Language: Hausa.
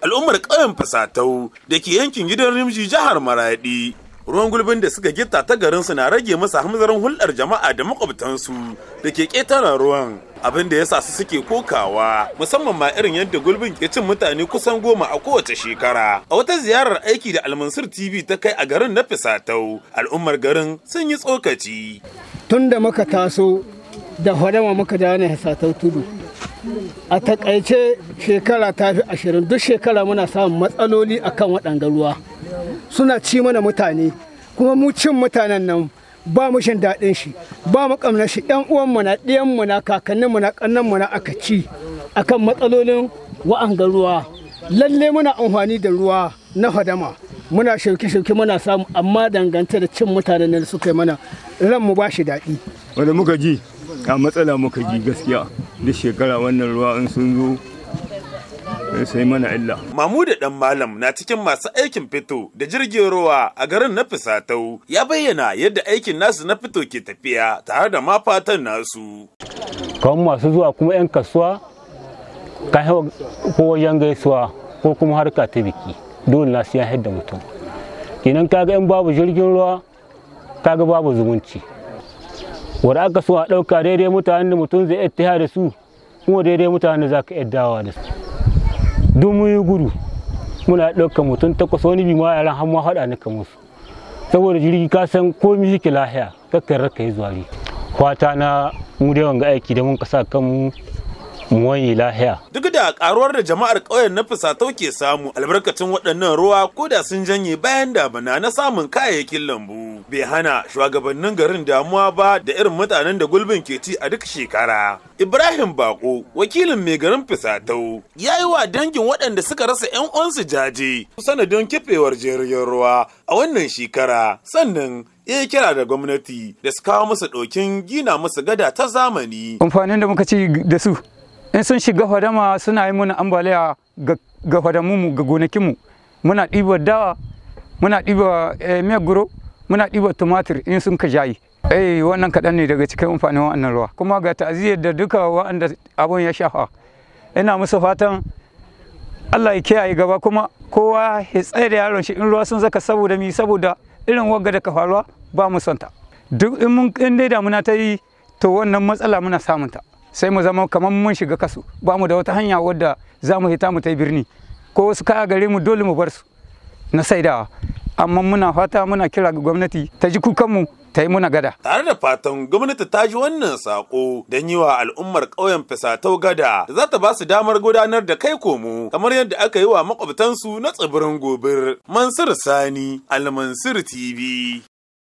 al'ummar ƙauyen fasatau da ke yankin gidan rimji jihar Maraɗi, ruwan gulbin da suka gita ta garin su na rage masa hamzarin hulɗar jama'a da makwabtansu da ke ƙetare ruwan abin da yasa su suke kokawa musamman ma irin yadda gulbin ke cin mutane kusan goma a kowace shekara a wata ziyarar aiki da almansur tv ta kai a garin na fisatau al'ummar garin sun yi tsokaci Tunda muka taso da hadama muka da na fisatau tudu a takaice shekara ta fi ashirin duk shekara muna samun matsaloli akan waɗanga ruwa suna ci mana mutane kuma mu cin mutanen nan ba mu shin daɗin shi ba mu ƙamna shi ɗan uwan na ɗiyan na kakannin na ƙannan na aka ci akan matsalolin wa'anga ruwa lalle muna amfani da ruwa na hadama muna shauke-shauke muna samu amma dangance da cin mutanen da suka yi mana ran mu ba shi daɗi wanda muka ji a matsala muka ji gaskiya duk shekara wannan ruwa in sun zo sai mana illa. Mamuda ɗan malam na cikin masu aikin fito da jirgin ruwa a garin na Fisatau ya bayyana yadda aikin nasu na fito ke tafiya tare da ma fatan nasu. Kawan masu zuwa kuma 'yan kasuwa ka ko wajen gaisuwa ko kuma harka ta biki dole na siya da mutum. Kenan kaga yan babu jirgin ruwa kaga babu zumunci. wanda aka so a ɗauka daidai mutanen da mutum zai ittiha da su kuma daidai mutanen da za ka yaddawa da su duk mun yi gudu muna ɗaukar mutum takwas wani bi ma yaran hamma haɗa ni su saboda jirgi ka san komi yake lahiya kakkar raka yi zuwa zuwari fata na mu da wanga aiki da mun kasa kanmu moyi lahiya. Duk da karuwar da jama'ar ƙauyen na Fusatau ke samu albarkacin waɗannan ruwa ko da sun janye bayan damina na samun kayayyakin lambu. Bai hana shugabannin garin damuwa ba da irin mutanen da gulbin ke ci a duk shekara. Ibrahim Bako, wakilin mai garin fisatau, ya yi wa dangin waɗanda suka rasa 'yan uwansu jaje sanadin kifewar jirgin ruwa a wannan shekara. Sannan ya yi kira da gwamnati da su kawo musu ɗokin gina musu gada ta zamani. Amfanin da muka ci da su in sun shiga fadama suna yi mana ambaliya ga fadamunmu ga gonakinmu muna ɗiba dawa muna ɗiba eh, meguro muna ɗiba tumatir in sun ka jayi eh wannan kaɗan ne daga cikin amfanin wannan ruwa kuma ga ta'aziyar da duka wa'anda abun ya shafa ina musu fatan Allah ya kiyaye gaba kuma kowa ya tsaye da yaron shi in ruwa sun zaka saboda mi saboda irin wagga da ka faruwa ba mu santa duk in mun in dai damuna ta yi to wannan matsala muna samunta sai mu zama kamar mun shiga kasu ba mu da wata hanya wadda za mu hita mu ta birni ko wasu kaya gare mu dole mu bar su na saidawa amma muna fata muna kira ga gwamnati ta ji kukanmu ta yi muna gada. Tare da fatan gwamnati ta ji wannan saƙo don yi wa al'ummar ƙauyen fasatau gada da za ta ba su damar gudanar da kai komo kamar yadda aka yi wa makwabtansu na tsibirin gobir. Mansur Sani, Almansur TV.